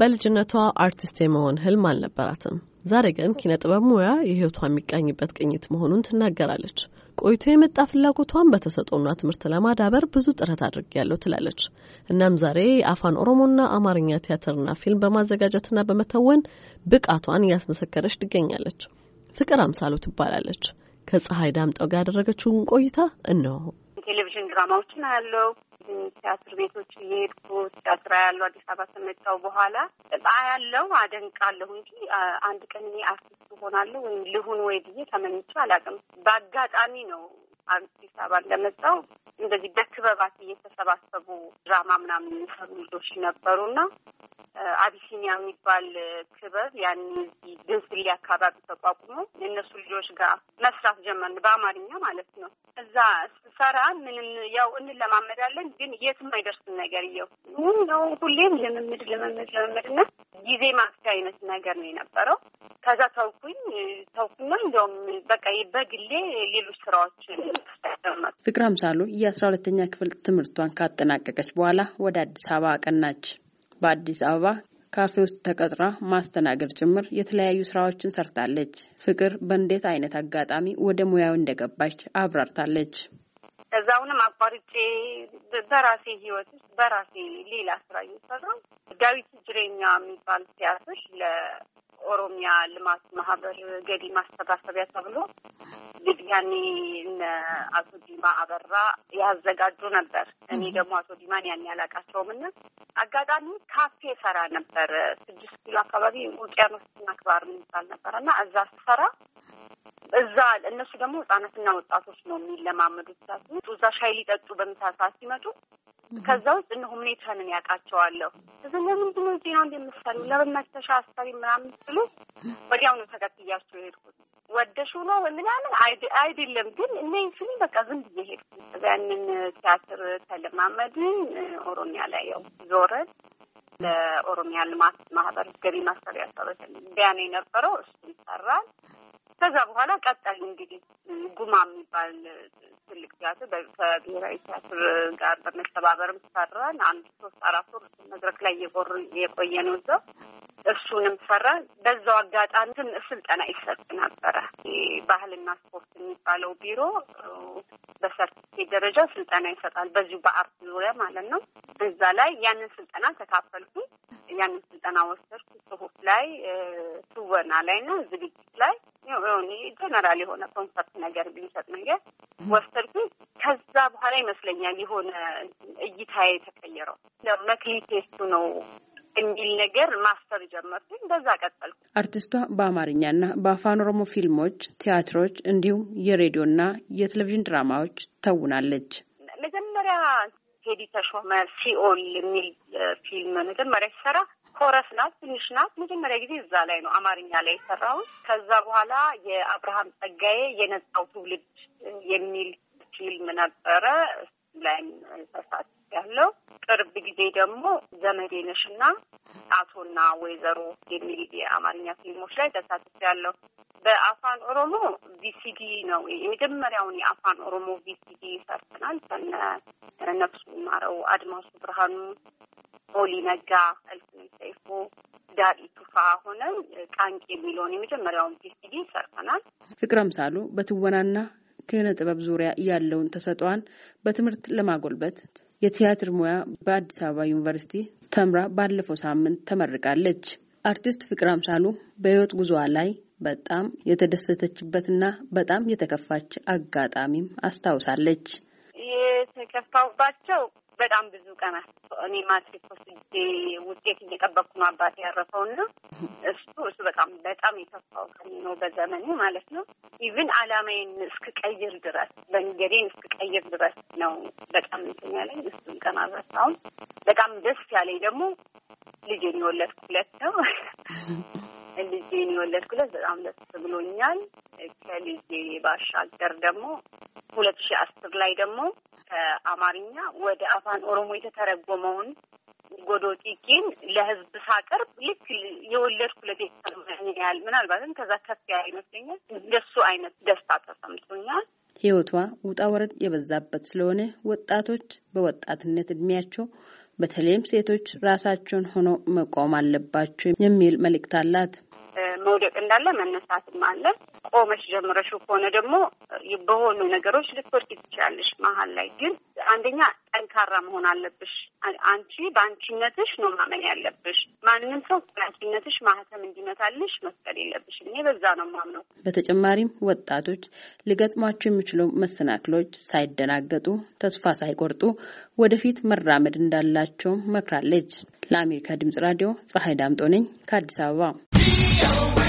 በልጅነቷ አርቲስት የመሆን ህልም አልነበራትም። ዛሬ ግን ኪነ ጥበብ ሙያ የህይወቷ የሚቃኝበት ቅኝት መሆኑን ትናገራለች። ቆይቶ የመጣ ፍላጎቷን በተሰጦና ትምህርት ለማዳበር ብዙ ጥረት አድርጌያለሁ ትላለች። እናም ዛሬ የአፋን ኦሮሞና አማርኛ ቲያትርና ፊልም በማዘጋጀትና በመተወን ብቃቷን እያስመሰከረች ትገኛለች። ፍቅር አምሳሉ ትባላለች። ከፀሐይ ዳምጠው ጋር ያደረገችውን ቆይታ እነሆ። ቴሌቪዥን ድራማዎችን አያለው። ቲያትር ቤቶች እየሄድኩ ቲያትር ያለው አዲስ አበባ ከመጣሁ በኋላ አያለው፣ አደንቃለሁ እንጂ አንድ ቀን እኔ አርቲስት ሆናለሁ ወይም ልሁን ወይ ብዬ ተመኝቼ አላውቅም። በአጋጣሚ ነው አዲስ አበባ እንደመጣው እንደዚህ በክበባት እየተሰባሰቡ ድራማ ምናምን የሚሰሩ ልጆች ነበሩና አቢሲኒያ የሚባል ክበብ ያን እዚህ አካባቢ ተቋቁሞ የእነሱ ልጆች ጋር መስራት ጀመርን፣ በአማርኛ ማለት ነው። እዛ ስሰራ ምንም ያው እንለማመዳለን፣ ግን የትም አይደርስም ነገር እየው ነው ሁሌም ልምምድ ልምምድ ልምምድ እና ጊዜ ማክሲ አይነት ነገር ነው የነበረው። ከዛ ተውኩኝ ተውኩና እንዲያውም በቃ በግሌ ሌሎች ስራዎችን ፍቅር አምሳሉ የአስራ ሁለተኛ ክፍል ትምህርቷን ካጠናቀቀች በኋላ ወደ አዲስ አበባ አቀናች። በአዲስ አበባ ካፌ ውስጥ ተቀጥራ ማስተናገድ ጭምር የተለያዩ ስራዎችን ሰርታለች። ፍቅር በእንዴት አይነት አጋጣሚ ወደ ሙያው እንደገባች አብራርታለች። ከዛውንም አቋርጬ በራሴ ህይወት ውስጥ በራሴ ሌላ ስራ እየሰራው ዳዊት እጅሬኛ የሚባል ቲያትር ኦሮሚያ ልማት ማህበር ገቢ ማሰባሰቢያ ተብሎ ያኔ አቶ ዲማ አበራ ያዘጋጁ ነበር። እኔ ደግሞ አቶ ዲማን ያኔ ያላቃቸውም እና አጋጣሚ ካፌ ሰራ ነበር ስድስት ኪሎ አካባቢ ውቅያኖስ አክባር የሚባል ነበር እና እዛ ስሰራ እዛ እነሱ ደግሞ ህጻናትና ወጣቶች ነው የሚለማመዱት። እዛ ሻይ ሊጠጡ በምሳ ሰዓት ሲመጡ ከዛ ውስጥ እነ ሁምኔቻንን ያውቃቸዋለሁ። እዚህ ለምንድን ነው ዜና እንደምትሰሩ ለመመተሻ አስተሪ ምናምን ስሉ ወዲያውኑ ተከትያቸው የሄድኩት ወደሹ ነው ምናምን አይደለም ግን እኔ ስሉ በቃ ዝም ብዬ ሄድኩ። ያንን ቲያትር ተለማመድን። ኦሮሚያ ላይ ያው ዞረን ለኦሮሚያ ልማት ማህበር ገቢ ማሰሪያ ሰበሰብ ቢያን የነበረው እሱ ይሰራል ከዛ በኋላ ቀጣይ እንግዲህ ጉማ የሚባል ትልቅ ቲያትር ከብሔራዊ ቲያትር ጋር በመተባበርም ሰራን። አንድ ሶስት አራት ወር መድረክ ላይ የቆር የቆየ ነው እዛው እሱንም ሰራ። በዛው አጋጣሚ ግን ስልጠና ይሰጥ ነበረ። ባህልና ስፖርት የሚባለው ቢሮ በሰርቲፊኬት ደረጃ ስልጠና ይሰጣል፣ በዚሁ በአርት ዙሪያ ማለት ነው። እዛ ላይ ያንን ስልጠና ተካፈልኩ። ያንን ስልጠና ወሰድኩ ጽሁፍ ላይ ትወና ላይ እና ዝግጅት ላይ ጀነራል የሆነ ኮንሰርት ነገር ብንሰጥ ነገር ወሰድኩኝ። ከዛ በኋላ ይመስለኛል የሆነ እይታ የተቀየረው መክሊቴ ነው የሚል ነገር ማስተር ጀመርኩ። በዛ ቀጠልኩ። አርቲስቷ በአማርኛና በአፋን ኦሮሞ ፊልሞች፣ ቲያትሮች እንዲሁም የሬዲዮና የቴሌቪዥን ድራማዎች ተውናለች። መጀመሪያ ቴዲ ተሾመ ሲኦል የሚል ፊልም መጀመሪያ ሲሰራ ኮረስ ናት፣ ትንሽ ናት። መጀመሪያ ጊዜ እዛ ላይ ነው አማርኛ ላይ የሰራሁት። ከዛ በኋላ የአብርሃም ጸጋዬ የነጻው ትውልድ የሚል ፊልም ነበረ ላይም ተሳት ያለው ቅርብ ጊዜ ደግሞ ዘመዴነሽና አቶና ወይዘሮ የሚል የአማርኛ ፊልሞች ላይ ተሳትፍ ያለው። በአፋን ኦሮሞ ቪሲዲ ነው የመጀመሪያውን የአፋን ኦሮሞ ቪሲዲ ሰርተናል። ከነ ነፍሱ ማረው፣ አድማሱ ብርሃኑ፣ ሞሊ ነጋ፣ እልፍኝ ሰይፉ፣ ዳር ቱፋ ሆነን ቃንቂ የሚለውን የመጀመሪያውን ፒሲዲ ሰርተናል። ፍቅረ አምሳሉ በትወናና ክህነ ጥበብ ዙሪያ ያለውን ተሰጥኦዋን በትምህርት ለማጎልበት የቲያትር ሙያ በአዲስ አበባ ዩኒቨርሲቲ ተምራ ባለፈው ሳምንት ተመርቃለች። አርቲስት ፍቅር አምሳሉ በህይወት ጉዞዋ ላይ በጣም የተደሰተችበትና በጣም የተከፋች አጋጣሚም አስታውሳለች። የተከፋውባቸው በጣም ብዙ ቀናት እኔ ማትሪክ ወስጄ ውጤት እየጠበቅኩ ነው አባት ያረፈው እና እሱ እሱ በጣም በጣም የተፋው ቀን ነው በዘመኑ ማለት ነው። ኢቭን አላማዬን እስክቀይር ድረስ መንገዴን እስክቀይር ድረስ ነው በጣም እንትን ያለኝ እሱን ቀን አልረሳውም። በጣም ደስ ያለኝ ደግሞ ልጄን የወለድኩለት ነው። ልጄን የወለድኩለት በጣም ደስ ብሎኛል። ከልጄ ባሻገር ደግሞ ሁለት ሺ አስር ላይ ደግሞ ከአማርኛ ወደ አፋን ኦሮሞ የተተረጎመውን ጎዶ ጢቄን ለህዝብ ሳቀርብ ልክ የወለድኩለት ያህል ምናልባትም ከዛ ከፍ ያለ ይመስለኛል። እንደሱ አይነት ደስታ ተሰምቶኛል። ህይወቷ ውጣ ወረድ የበዛበት ስለሆነ ወጣቶች በወጣትነት እድሜያቸው በተለይም ሴቶች ራሳቸውን ሆኖ መቆም አለባቸው የሚል መልእክት አላት። መውደቅ እንዳለ መነሳትም አለ። ቆመሽ ጀምረሽው ከሆነ ደግሞ በሆኑ ነገሮች ልትወድቂ ትችላለሽ። መሀል ላይ ግን አንደኛ ጠንካራ መሆን አለብሽ። አንቺ በአንቺነትሽ ነው ማመን ያለብሽ። ማንም ሰው በአንቺነትሽ ማህተም እንዲመታልሽ መስቀል የለብሽ። እኔ በዛ ነው ማምነው። በተጨማሪም ወጣቶች ሊገጥሟቸው የሚችሉ መሰናክሎች ሳይደናገጡ ተስፋ ሳይቆርጡ ወደፊት መራመድ እንዳላቸው መክራለች። ለአሜሪካ ድምጽ ራዲዮ ፀሐይ ዳምጦ ነኝ ከአዲስ አበባ።